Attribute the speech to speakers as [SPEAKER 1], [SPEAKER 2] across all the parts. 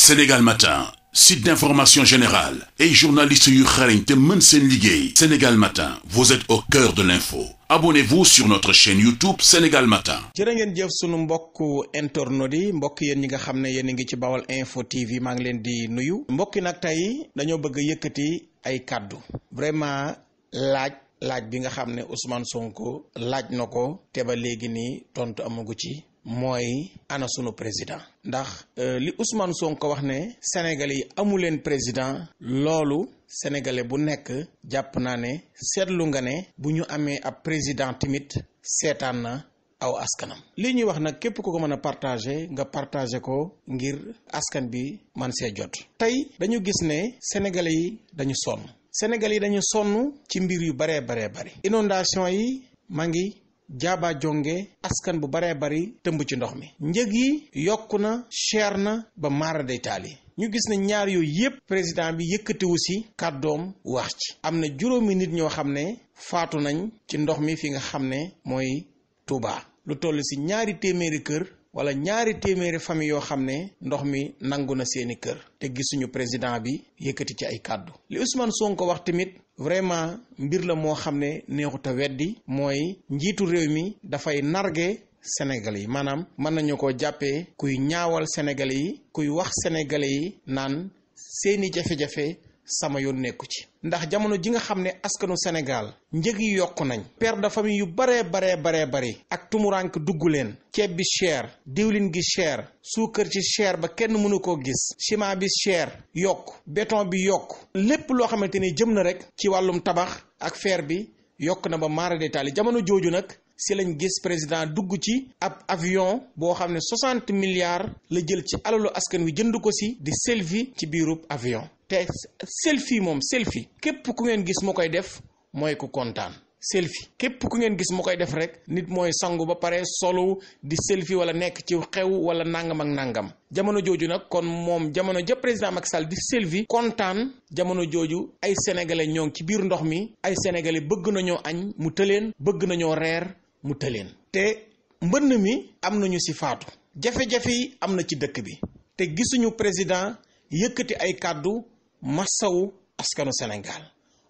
[SPEAKER 1] Sénégal Matin site d'information générale et journalistes yu xarañ te mën seen liggéey Sénégal Matin vous êtes au cœur de l'info abonnez-vous sur notre chaîne YouTube Sénégal Matin jërë ngeen jëf sunu mbokk internautes yi mbokk yéen ñi nga xam ne yéen a ngi ci Bawal Info TV maa ngi leen di nuyu mbokk yi nag tey dañoo bëgg a yëkkati ay kàddu vraiment laaj laaj bi nga xam ne Ousmane Sonko laaj na ko te ba léegi nii tontu amagu ci mooy ana sunu président ndax euh, li Ousmane ko wax ne Sénégalais yi amu leen président loolu sénégalais bu nekk jàpp naa ne seetlu nga ne bu ñu amee ab président tamit seetaan na aw askanam li ñuy wax na képp ku ko mën a partager nga partager ko ngir askan bi man see jot tey dañu gis ne sénégalais yi dañu sonn sénégalais yi dañu sonn ci mbir yu baree baree bari inondation yi ma jaaba jonge askan bu baree bari tëmb ci ndox mi njëg yi yokk na cher na ba maara day ñu gis na ñaar yooyu yépp président bi yëkkatiwu si kàddoom wax ci am na juróomi nit ñoo xam ne faatu nañ ci ndox mi fi nga xam ne mooy Touba lu toll si ñaari téeméeri kër wala ñaari téeméeri famille yoo xam ne ndox mi nangu na seeni kër te gisuñu président bi yëkkati ci ay kàddu li Ousmane ko wax tamit vraiment mbir la moo xam ne neexut a weddi mooy njiitu réew mi dafay narge Sénégal yi maanaam mën nañu ko jàppee kuy ñaawal Sénégal yi kuy wax Sénégal yi naan seeni jafe-jafe sama yoon nekku ci ndax jamono ji nga xam ne askanu Sénégal njëg yi yokku nañ père de famille yu baree baree baree bari ak tumuraank dugg leen ceeb bi cher diwlin gi cher suukar ci cher ba kenn mënu koo gis ciment bi cher yokk beton bi yokk lépp loo xamante ni jëm na rek ci wàllum tabax ak fer bi yokk na ba maara détail jamono jooju nag si lañ gis président dugg ci ab avion boo xam ne 60 milliards la jël ci alalu askan wi jënd ko si di selvi ci biirub avion te selfie moom selfie képp ku ngeen gis mu koy def mooy ko kontaan selfie képp ku ngeen gis mu koy def rek nit mooy sangu ba pare solo di selfie wala nekk ci xew wala nangam ak nangam jamono jooju nag kon moom jamono ja président Macky Sall di selfie kontaan jamono jooju ay sénégalais ñoo ci biir ndox mi ay sénégalais bëgg nañoo añ mu tëleen bëgg nañoo reer mu tëleen te mbënn mi am nañu si faatu jafe-jafe yi am na ci dëkk bi te gisuñu président yëkkati ay kàddu masawu askanu Sénégal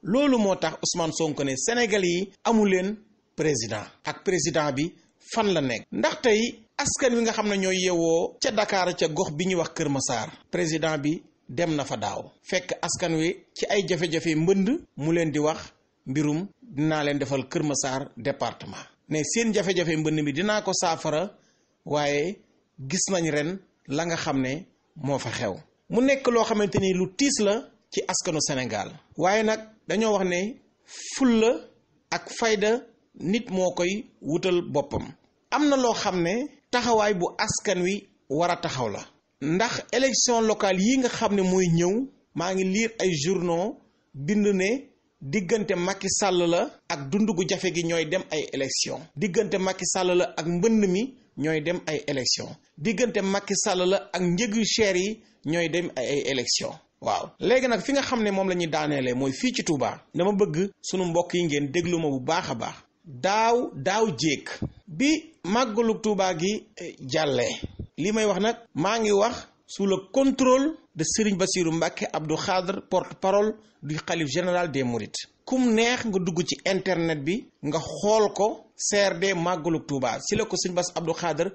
[SPEAKER 1] loolu moo tax usmaan sonk ne Sénégal yi amu leen président ak président bi fan la nekk ndax tey askan wi nga xam ne ñooy yewoo ca dakaar ca gox bi ñuy wax Kër Massar président bi dem na fa daaw fekk askan wi ci ay jafe-jafe mbënd mu leen di wax mbirum dinaa leen defal Kër Massar département ne seen jafe mbënd mi dinaa ko saafara waaye gis nañ ren la nga xam ne moo fa xew mu nekk loo xamante ni lu tiis la ci askanu Sénégal waaye nag dañoo wax ne fulla ak fayda nit moo koy wutal boppam am na loo xam ne taxawaay bu askan wi war a taxaw la ndax élection locale yi nga xam ne mooy ñëw maa ngi liir ay journaux bind ne diggante Macky Sall la ak dund gu jafe gi ñooy dem ay élection diggante Macky Sall la ak mbënd mi ñooy dem ay élection diggante Macky Sall la ak njëgu cher yi ñooy dem ay ay élection waaw léegi nag fi nga xam ne moom la ñuy daaneele mooy fii ci Touba dama bëgg suñu mbokk yi ngeen déglu ma bu baax a baax daaw daaw jéeg bi màggalu Touba gi eh, jàllee li may wax nag maa ngi wax sous le contrôle de Serigne Bassirou Mbacké Abdou Khadre porte-parole du khalife général des Mourides kum neex nga dugg ci internet bi nga xool ko CRD màggalu Touba ci la ko sëñ Bass Abdou Khader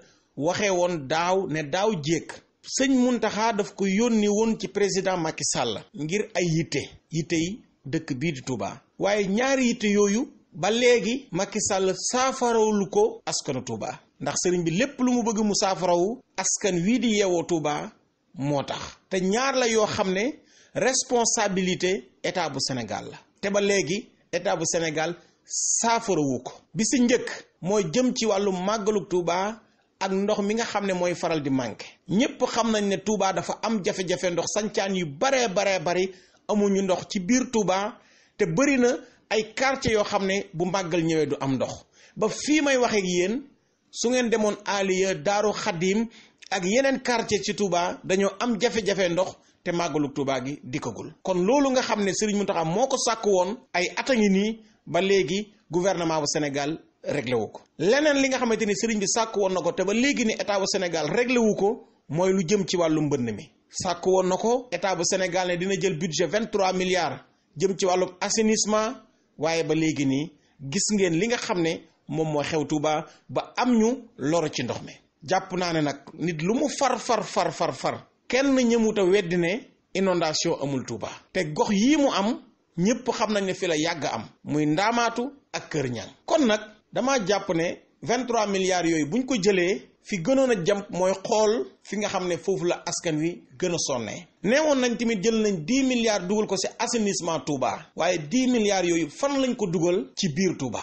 [SPEAKER 1] waxee woon daaw ne daaw jékk sëñ mun Muntaxa daf ko yónni woon ci président Macky Sall ngir ay yitte yitte yi dëkk bii di Touba waaye ñaari yitte yooyu ba léegi Macky Sall saafarawul ko askanu Touba ndax sëriñ bi lépp lu mu bëgg mu saafarawu askan wii di yeewoo Touba moo tax te ñaar la yoo xam ne responsabilité état bu Sénégal la te ba léegi état bu Sénégal saafarawu ko bi si njëkk mooy jëm ci wàllu màggalu Touba ak ndox mi nga xam ne mooy faral di manqué ñépp xam nañ ne Touba dafa am jafe-jafe ndox sancaan yu baree baree bari amuñu ndox ci biir Touba te bëri na ay quartier yoo xam ne bu màggal ñëwee du am ndox ba fii may waxee ak yéen su ngeen demoon Aliya Daaru Xadim ak yeneen quartier ci Touba dañoo am jafe-jafe ndox te màggalu Tuubaa gi dikkagul kon loolu nga xam ne Sëriñ am moo ko sàkk woon ay ata a ngi nii ba léegi gouvernement bu Sénégal réglé wu ko leneen li nga xamante ni sëriñ bi sàkk woon na ko te ba léegi nii état bu Sénégal réglé ko mooy lu jëm ci wàllu mbënn mi sàkk woon na ko état bu Sénégal ne dina jël budget 23 milliards jëm ci wàllu assainissement waaye ba léegi nii gis ngeen li nga xam ne moom moo xew Tuuba ba am ñu loro ci ndox mi jàpp naa ne nag nit lu mu far kenn ñëmut a weddi ne inondation amul Touba te gox yii mu am ñëpp xam nañ ne fi la yàgg am muy ndaamaatu ak Kër Ñang kon nag dama jàpp ne 23 milliards yooyu buñ ko jëlee fi gënoon a jàmp mooy xool fi nga xam ne foofu la askan wi gën a sonnee neewoon nañ tamit jël nañ 10 milliards dugal ko ci assainissement Touba waaye 10 milliards yooyu fan lañ ko dugal ci biir Touba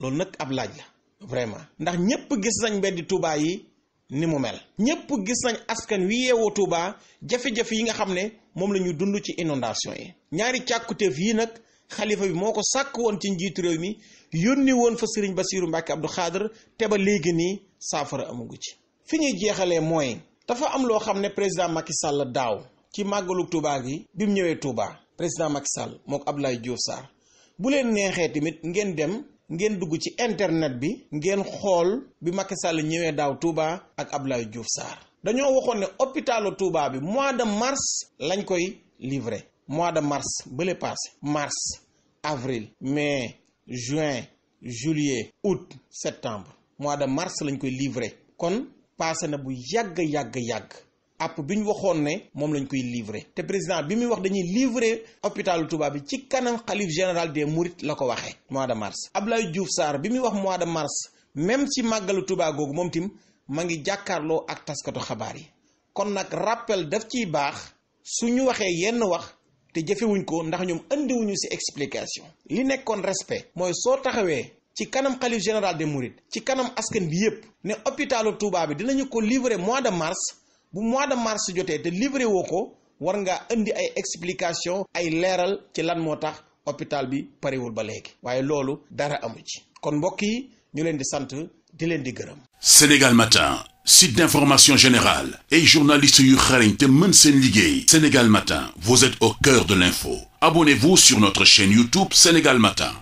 [SPEAKER 1] loolu nag ab laaj la vraiment ndax ñëpp gis nañ mbedd Touba yi ni mu mel ñëpp gis nañ askan wi yeewoo Touba jafe-jafe yi nga xam ne moom la ñu dund ci inondation yi ñaari càkkutéef yi nag xalifa bi moo ko sàkk woon ci njiitu réew mi yónni woon fa Serigne Bassirou Mbacke Abdou Khadre te ba léegi nii saafara amugu ci fi ñuy jeexalee mooy dafa am loo xam ne président Macky Sall daaw ci màggalu Touba gi bi mu ñëwee Touba président Macky Sall mook Abdoulaye Diouf Sarr bu leen neexee tamit ngeen dem ngeen dugg ci internet bi ngeen xool bi Macky Sall ñëwee daaw Touba ak Abdoulaye Diouf Sarr dañoo waxoon ne hôpitalu Touba bi mois de mars lañ koy livré mois de mars bële passé mars avril mais juin juillet août septembre mois de mars lañ koy livré kon passé na bu yàgg yàgg yàgg. app bi ñu waxoon ne moom lañu koy livrer te président bi muy wax dañuy livrer hôpitalu tubaab bi ci kanam xalif général des Mourides la ko waxee mois de mars Abdoulaye Diouf Sarr bi muy wax mois de mars même ci màggalu tubaab googu moom tim ma ngi jàkkaarloo ak taskatu xabaar yi kon nag rappel def ciy baax su ñu waxee yenn wax te jëfewuñ ko ndax ñoom indiwuñu ci explication li nekkoon respect mooy soo taxawee ci kanam xalif général des Mourides ci kanam askan bi yépp ne hôpitalu Touba bi dinañu ko livrer mois de mars bu mois de mars jotee te livré woo ko war ngaa indi ay explication ay leeral ci lan moo tax hôpital bi parewul ba léegi waaye loolu dara amu ci kon mbokk yi ñu leen di sant di leen di gërëm. Sénégal Matin site d'information générale et journaliste yu xarañ te mën seen liggéey Sénégal Matin vous êtes au cœur de l'info abonnez-vous sur notre chaîne YouTube Sénégal Matin